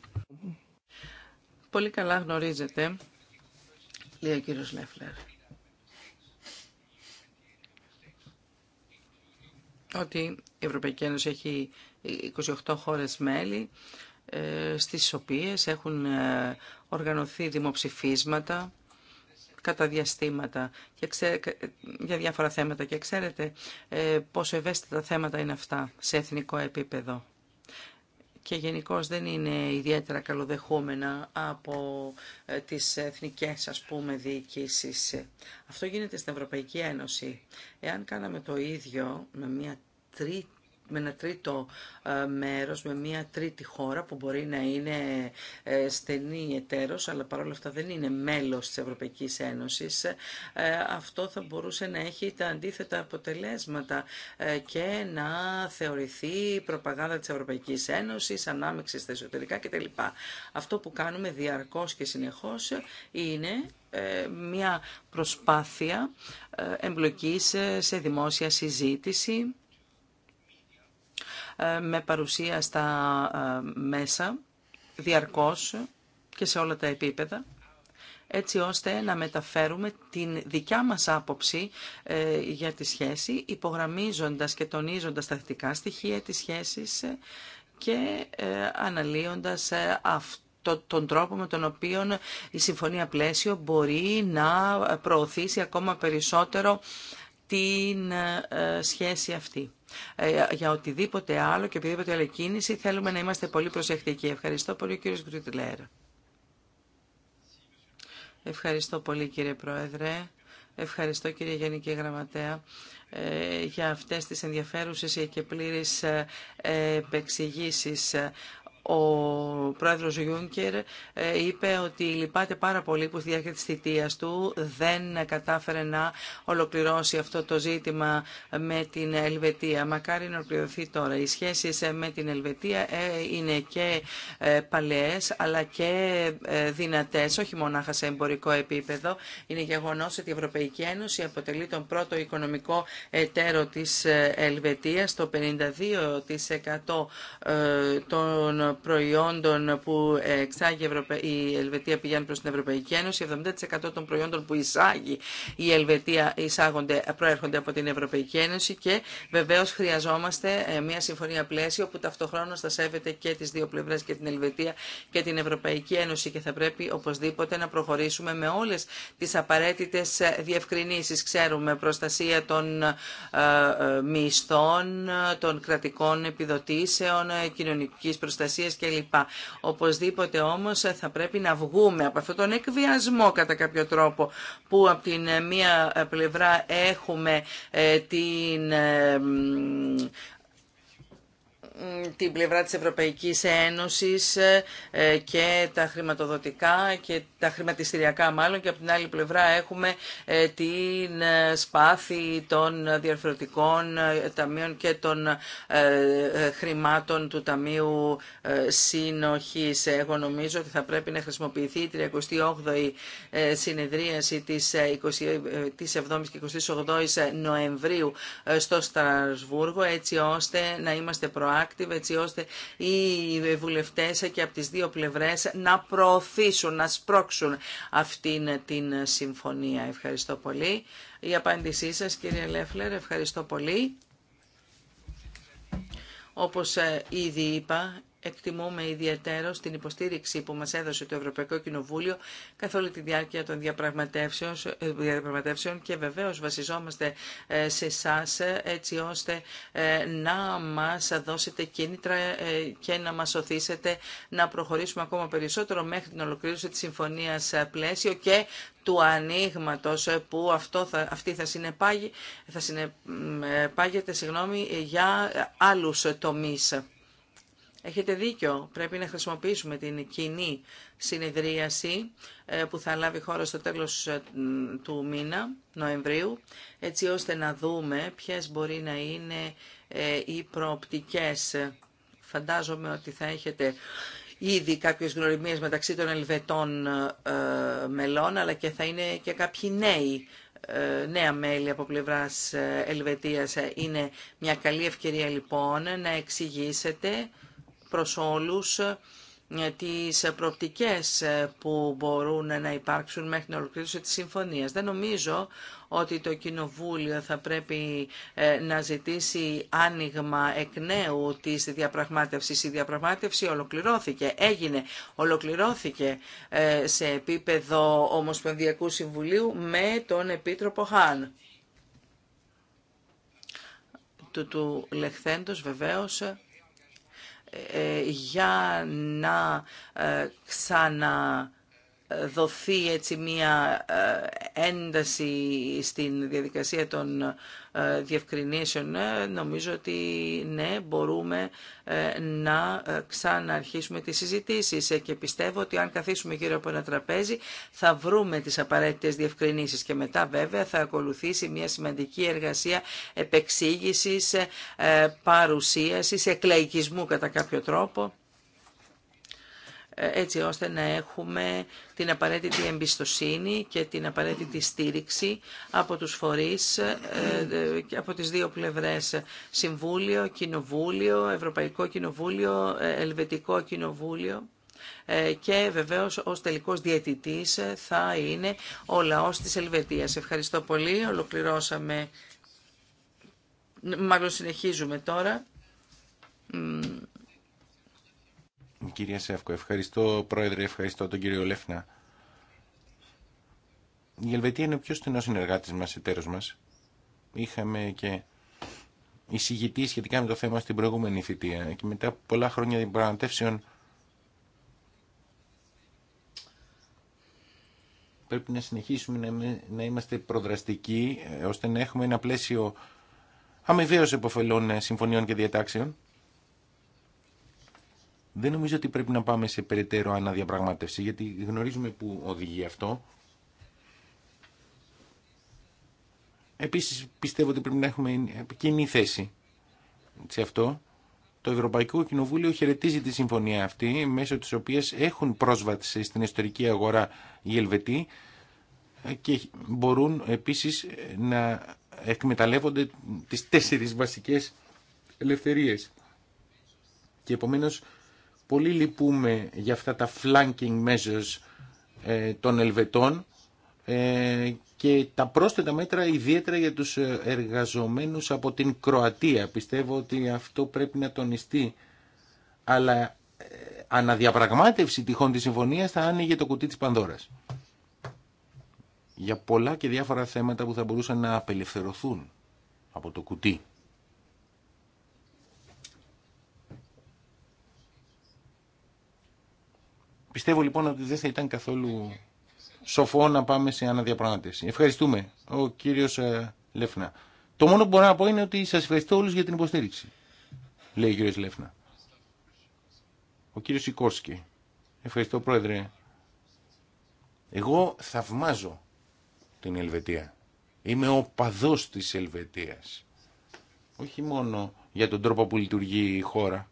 Πολύ καλά γνωρίζετε, λέει ο κύριος Λέφλερ, ότι η Ευρωπαϊκή Ένωση έχει 28 χώρες μέλη ε, στις οποίες έχουν ε, οργανωθεί δημοψηφίσματα κατά διαστήματα και για διάφορα θέματα και ξέρετε ε, πόσο ευαίσθητα θέματα είναι αυτά σε εθνικό επίπεδο και γενικώ δεν είναι ιδιαίτερα καλοδεχούμενα από τις εθνικές ας πούμε διοικήσεις. Αυτό γίνεται στην Ευρωπαϊκή Ένωση. Εάν κάναμε το ίδιο με μια τρίτη με ένα τρίτο ε, μέρος, με μια τρίτη χώρα που μπορεί να είναι ε, στενή εταίρος, αλλά παρόλα αυτά δεν είναι μέλος της Ευρωπαϊκής Ένωσης, ε, αυτό θα μπορούσε να έχει τα αντίθετα αποτελέσματα και να θεωρηθεί προπαγάνδα της Ευρωπαϊκής Ένωσης, ανάμεξη στα εσωτερικά κτλ. Αυτό που κάνουμε διαρκώς και συνεχώς είναι μια προσπάθεια εμπλοκής σε δημόσια συζήτηση ε, με παρουσία στα ε, μέσα διαρκώς και σε όλα τα επίπεδα έτσι ώστε να μεταφέρουμε την δικιά μας άποψη ε, για τη σχέση, υπογραμμίζοντας και τονίζοντας τα θετικά στοιχεία της σχέσης και αναλύοντας τον τρόπο με τον οποίο η συμφωνία πλαίσιο μπορεί να προωθήσει ακόμα περισσότερο την σχέση αυτή. Ε, για οτιδήποτε άλλο και οποιαδήποτε άλλη κίνηση θέλουμε να είμαστε πολύ προσεκτικοί. Ευχαριστώ πολύ κύριε Γκρουτλέρ. Ευχαριστώ πολύ κύριε Πρόεδρε. Ευχαριστώ κύριε Γενική Γραμματέα ε, για αυτές τις ενδιαφέρουσες και πλήρεις ε, επεξηγήσεις. Ο πρόεδρος Γιούνκερ ε, είπε ότι λυπάται πάρα πολύ που στη διάρκεια της θητείας του δεν κατάφερε να ολοκληρώσει αυτό το ζήτημα με την Ελβετία. Μακάρι να ολοκληρωθεί τώρα. Οι σχέσεις ε, με την Ελβετία ε, είναι και παλαιές αλλά και δυνατές, όχι μονάχα σε εμπορικό επίπεδο. Είναι γεγονός ότι η Ευρωπαϊκή Ένωση αποτελεί τον πρώτο οικονομικό εταίρο της Ελβετίας, το 52% των προϊόντων που εξάγει η Ελβετία πηγαίνει προς την Ευρωπαϊκή Ένωση, 70% των προϊόντων που εισάγει η Ελβετία εισάγονται, προέρχονται από την Ευρωπαϊκή Ένωση και βεβαίως χρειαζόμαστε ε, μια συμφωνία πλαίσιο που ταυτοχρόνως θα σέβεται και τις δύο πλευρές και την Ελβετία και την Ευρωπαϊκή Ένωση και θα πρέπει οπωσδήποτε να προχωρήσουμε με όλες τις απαραίτητες ε, διευκρινήσεις. Ξέρουμε προστασία των ε, μισθών, των κρατικών επιδοτήσεων, κοινωνικής προστασίας εργασία κλπ. Οπωσδήποτε όμως θα πρέπει να βγούμε από αυτόν τον εκβιασμό κατά κάποιο τρόπο που από την μία πλευρά έχουμε ε, την ε, την πλευρά της Ευρωπαϊκής Ένωσης ε, και τα χρηματοδοτικά και τα χρηματιστηριακά μάλλον και από την άλλη πλευρά έχουμε ε, την ε, σπάθη των διαφορετικών ταμείων και των χρημάτων του Ταμείου Συνοχής. Εγώ νομίζω ότι θα πρέπει να χρησιμοποιηθεί η 38η συνεδρίαση της, 20, 7ης και 28ης Νοεμβρίου στο Στρασβούργο έτσι ώστε να είμαστε προάλληλοι active έτσι ώστε οι βουλευτές και από τις δύο πλευρές να προωθήσουν, να σπρώξουν αυτήν την συμφωνία. Ευχαριστώ πολύ. Η απάντησή σας κύριε Λέφλερ, ευχαριστώ πολύ. Όπως ε, ήδη είπα, εκτιμούμε ιδιαίτερο στην υποστήριξη που μας έδωσε το Ευρωπαϊκό Κοινοβούλιο καθ' όλη τη διάρκεια των ε, διαπραγματεύσεων και βεβαίως βασιζόμαστε ε, σε εσά ε, έτσι ώστε να μας δώσετε κίνητρα και να μας οθήσετε να προχωρήσουμε ακόμα περισσότερο μέχρι την ολοκλήρωση της συμφωνίας πλαίσιο και του ανοίγματο που αυτό θα, αυτή θα, θα συνεπάγεται συγγνώμη, για άλλους τομείς. Έχετε δίκιο, πρέπει να χρησιμοποιήσουμε την κοινή συνεδρίαση ε, που θα λάβει χώρα στο τέλος ε, του μήνα, Νοεμβρίου, έτσι ώστε να δούμε ποιες μπορεί να είναι ε, οι προοπτικές. Φαντάζομαι ότι θα έχετε ήδη κάποιες γνωριμίες μεταξύ των Ελβετών μελών, αλλά και θα είναι και κάποιοι νέοι νέα μέλη από πλευράς Ελβετίας. Είναι μια καλή ευκαιρία λοιπόν να εξηγήσετε προς όλους ε, τις προοπτικές ε, που μπορούν να υπάρξουν μέχρι την ολοκλήρωση της συμφωνίας. Δεν νομίζω ότι το Κοινοβούλιο θα πρέπει ε, να ζητήσει άνοιγμα εκ νέου της διαπραγμάτευσης. Η διαπραγμάτευση ολοκληρώθηκε, έγινε, ολοκληρώθηκε σε επίπεδο Ομοσπονδιακού Συμβουλίου με τον Επίτροπο Χάν. Του του λεχθέντος βεβαίως ε, για να ε, ξαναδοθεί έτσι μία ε, ένταση στην διαδικασία των ε, διευκρινήσεων, ε, νομίζω ότι ναι, μπορούμε ε, να ξαναρχίσουμε τις συζητήσεις και πιστεύω ότι αν καθίσουμε γύρω από ένα τραπέζι θα βρούμε τις απαραίτητες διευκρινήσεις και μετά βέβαια θα ακολουθήσει μια σημαντική εργασία επεξήγησης, παρουσίασης, εκλαϊκισμού κατά κάποιο τρόπο ε, έτσι ώστε να έχουμε την απαραίτητη εμπιστοσύνη και την απαραίτητη στήριξη από τους φορείς ε, ε, και από τις δύο πλευρές. Συμβούλιο, Κοινοβούλιο, Ευρωπαϊκό Κοινοβούλιο, Ελβετικό Κοινοβούλιο και βεβαίως ως τελικός διαιτητής θα είναι ο λαός της Ελβετίας. Ευχαριστώ πολύ. Ολοκληρώσαμε, μάλλον συνεχίζουμε τώρα Κυρία Σεύκο, ευχαριστώ πρόεδρε, ευχαριστώ τον κύριο Λέφνα. Η Ελβετία είναι ο πιο στενό συνεργάτη μα, εταίρο μα. Είχαμε και εισηγητή σχετικά με το θέμα στην προηγούμενη θητεία και μετά πολλά χρόνια διαπραγματεύσεων πρέπει να συνεχίσουμε να είμαστε προδραστικοί ε, ώστε να έχουμε ένα πλαίσιο αμοιβαίως επωφελών ε, συμφωνιών και διατάξεων δεν νομίζω ότι πρέπει να πάμε σε περαιτέρω αναδιαπραγμάτευση, γιατί γνωρίζουμε που οδηγεί αυτό. Επίσης πιστεύω ότι πρέπει να έχουμε κοινή θέση σε αυτό. Το Ευρωπαϊκό Κοινοβούλιο χαιρετίζει τη συμφωνία αυτή, μέσω της οποίας έχουν πρόσβαση στην ιστορική αγορά οι Ελβετοί και μπορούν επίσης να εκμεταλλεύονται τις τέσσερις βασικές ελευθερίες. Και επομένως Πολύ λυπούμε για αυτά τα flanking measures ε, των Ελβετών ε, και τα πρόσθετα μέτρα ιδιαίτερα για τους εργαζομένους από την Κροατία. Πιστεύω ότι αυτό πρέπει να τονιστεί. Αλλά ε, αναδιαπραγμάτευση τυχόν της συμφωνίας θα άνοιγε το κουτί της Πανδώρας. Για πολλά και διάφορα θέματα που θα μπορούσαν να απελευθερωθούν από το κουτί Πιστεύω λοιπόν ότι δεν θα ήταν καθόλου σοφό να πάμε σε αναδιαπραγμάτευση. Ευχαριστούμε. Ο κύριος ε, Λεφνά. Το μόνο που μπορώ να πω είναι ότι σας ευχαριστώ όλους για την υποστήριξη. Λέει ο κύριος Λεφνά. Ο κύριος Σικόρσκι. Ευχαριστώ πρόεδρε. Εγώ θαυμάζω την Ελβετία. Είμαι ο παδός της Ελβετίας. Όχι μόνο για τον τρόπο που λειτουργεί η χώρα,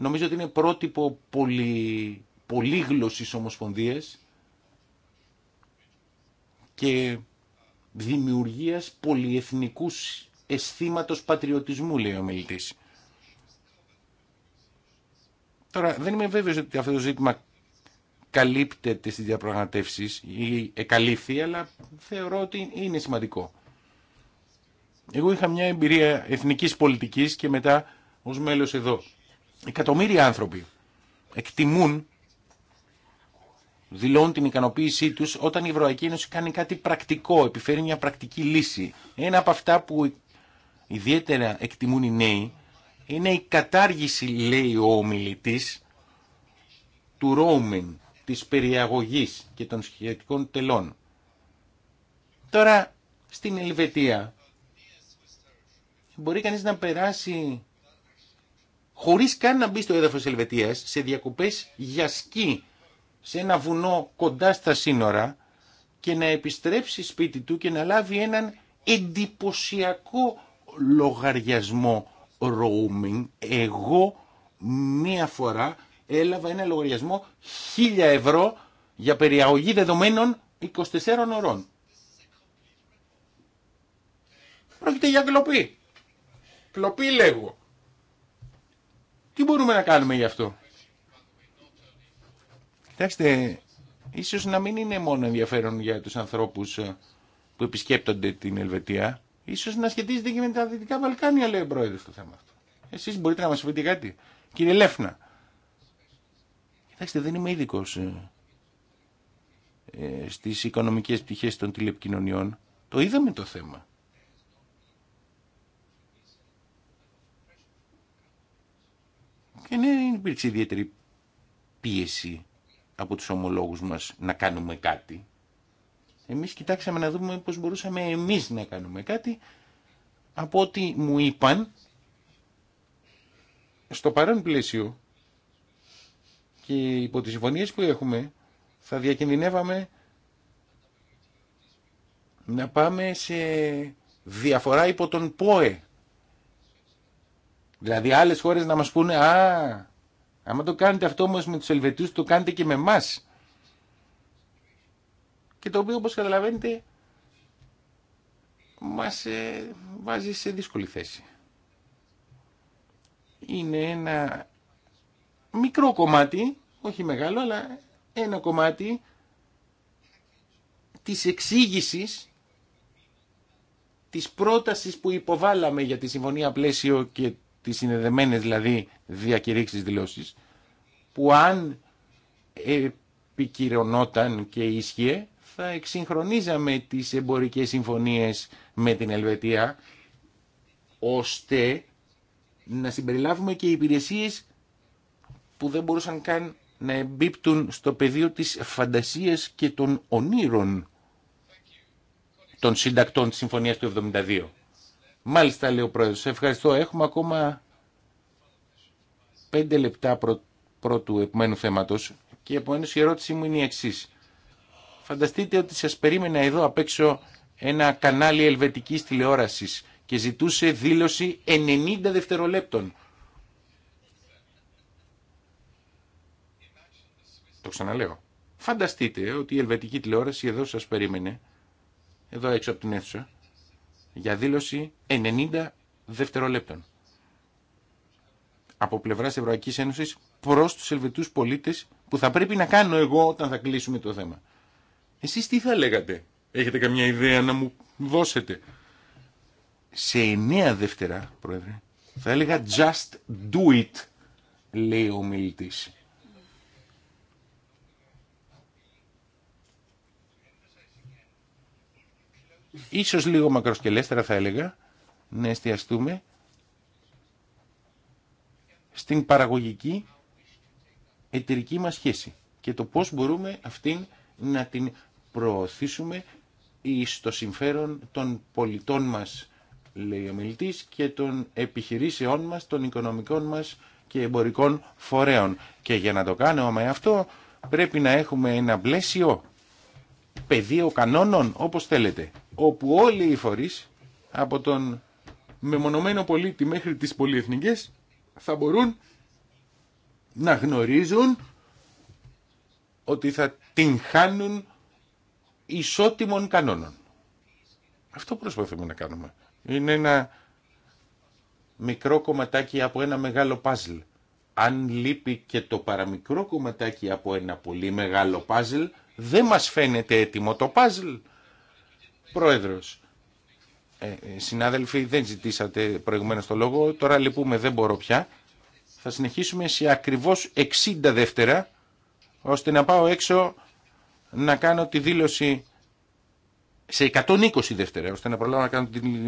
Νομίζω ότι είναι πρότυπο πολυ, πολύγλωσσης ομοσπονδίες και δημιουργίας πολυεθνικού αισθήματο πατριωτισμού, λέει ο μιλητής. Τώρα, δεν είμαι βέβαιος ότι αυτό το ζήτημα καλύπτεται στις διαπραγματεύσεις ή εκαλύφθη, αλλά θεωρώ ότι είναι σημαντικό. Εγώ είχα μια εμπειρία εθνικής πολιτικής και μετά ως μέλος εδώ Εκατομμύρια άνθρωποι εκτιμούν, δηλώνουν την ικανοποίησή τους όταν η Ευρωπαϊκή Ένωση κάνει κάτι πρακτικό, επιφέρει μια πρακτική λύση. Ένα από αυτά που ιδιαίτερα εκτιμούν οι νέοι είναι η κατάργηση, λέει ο ομιλητής, του roaming, της περιαγωγής και των σχετικών τελών. Τώρα, στην Ελβετία, μπορεί κανείς να περάσει Χωρί καν να μπει στο έδαφος Ελβετίας, σε διακοπέ για σκι σε ένα βουνό κοντά στα σύνορα και να επιστρέψει σπίτι του και να λάβει έναν εντυπωσιακό λογαριασμό roaming. Εγώ μία φορά έλαβα ένα λογαριασμό 1000 ευρώ για περιαγωγή δεδομένων 24 ωρών. Πρόκειται για κλοπή. Κλοπή λέγω. Τι μπορούμε να κάνουμε γι' αυτό. Κοιτάξτε, ίσως να μην είναι μόνο ενδιαφέρον για τους ανθρώπους ε, που επισκέπτονται την Ελβετία. Ίσως να σχετίζεται και με τα Δυτικά Βαλκάνια, λέει ο Πρόεδρος το θέμα αυτό. Εσείς μπορείτε να μας πείτε κάτι. Κύριε Λέφνα. Κοιτάξτε, δεν είμαι ειδικό ε, ε, στις οικονομικές πτυχές των τηλεπικοινωνιών. Το είδαμε το θέμα. Και ε, ναι, υπήρξε ιδιαίτερη πίεση από τους ομολόγους μας να κάνουμε κάτι. Εμείς κοιτάξαμε να δούμε πώς μπορούσαμε εμείς να κάνουμε κάτι. Από ό,τι μου είπαν, στο παρόν πλαίσιο και υπό τις συμφωνίες που έχουμε, θα διακινδυνεύαμε να πάμε σε διαφορά υπό τον ΠΟΕ Δηλαδή άλλε χώρε να μα πούνε «Α, άμα το κάνετε αυτό όμω με του Ελβετούς, το κάνετε και με εμά. Και το οποίο όπω καταλαβαίνετε μα ε, βάζει σε δύσκολη θέση. Είναι ένα μικρό κομμάτι, όχι μεγάλο, αλλά ένα κομμάτι της εξήγηση της πρότασης που υποβάλαμε για τη Συμφωνία Πλαίσιο και τις συνεδεμένες δηλαδή διακηρύξεις δηλώσεις, που αν επικυρωνόταν και ίσχυε, θα εξυγχρονίζαμε τις εμπορικές συμφωνίες με την Ελβετία, ώστε να συμπεριλάβουμε και υπηρεσίες που δεν μπορούσαν καν να εμπίπτουν στο πεδίο της φαντασίας και των ονείρων των συντακτών της Συμφωνίας του 72. Μάλιστα, λέει ο Πρόεδρος. Ευχαριστώ. Έχουμε ακόμα πέντε λεπτά προ... πρώτου επομένου θέματος και επομένω η ερώτησή μου είναι η εξή. Φανταστείτε ότι σας περίμενα εδώ απ' έξω ένα κανάλι ελβετικής τηλεόρασης και ζητούσε δήλωση 90 δευτερολέπτων. Το ξαναλέω. Φανταστείτε ότι η ελβετική τηλεόραση εδώ σας περίμενε, εδώ έξω από την αίθουσα, για δήλωση 90 δευτερολέπτων από πλευρά Ευρωπαϊκή Ένωση προ του Ελβετού πολίτε που θα πρέπει να κάνω εγώ όταν θα κλείσουμε το θέμα. Εσεί τι θα λέγατε, Έχετε καμιά ιδέα να μου δώσετε. Σε 9 δεύτερα, Πρόεδρε, θα έλεγα just do it, λέει ο μιλητή. ίσως λίγο μακροσκελέστερα θα έλεγα, να εστιαστούμε στην παραγωγική εταιρική μας σχέση και το πώς μπορούμε αυτήν να την προωθήσουμε το συμφέρον των πολιτών μας, λέει ο μιλητής, και των επιχειρήσεών μας, των οικονομικών μας και εμπορικών φορέων. Και για να το κάνουμε αυτό πρέπει να έχουμε ένα πλαίσιο πεδίο κανόνων όπως θέλετε όπου όλοι οι φορείς από τον μεμονωμένο πολίτη μέχρι τις πολυεθνικές θα μπορούν να γνωρίζουν ότι θα την χάνουν ισότιμων κανόνων. Αυτό προσπαθούμε να κάνουμε. Είναι ένα μικρό κομματάκι από ένα μεγάλο παζλ. Αν λείπει και το παραμικρό κομματάκι από ένα πολύ μεγάλο παζλ, δεν μας φαίνεται έτοιμο το παζλ. Πρόεδρος, ε, ε, συνάδελφοι, δεν ζητήσατε προηγουμένως το λόγο, τώρα λυπούμε, δεν μπορώ πια. Θα συνεχίσουμε σε ακριβώς 60 δεύτερα, ώστε να πάω έξω να κάνω τη δήλωση σε 120 δεύτερα, ώστε να προλάβω να κάνω τη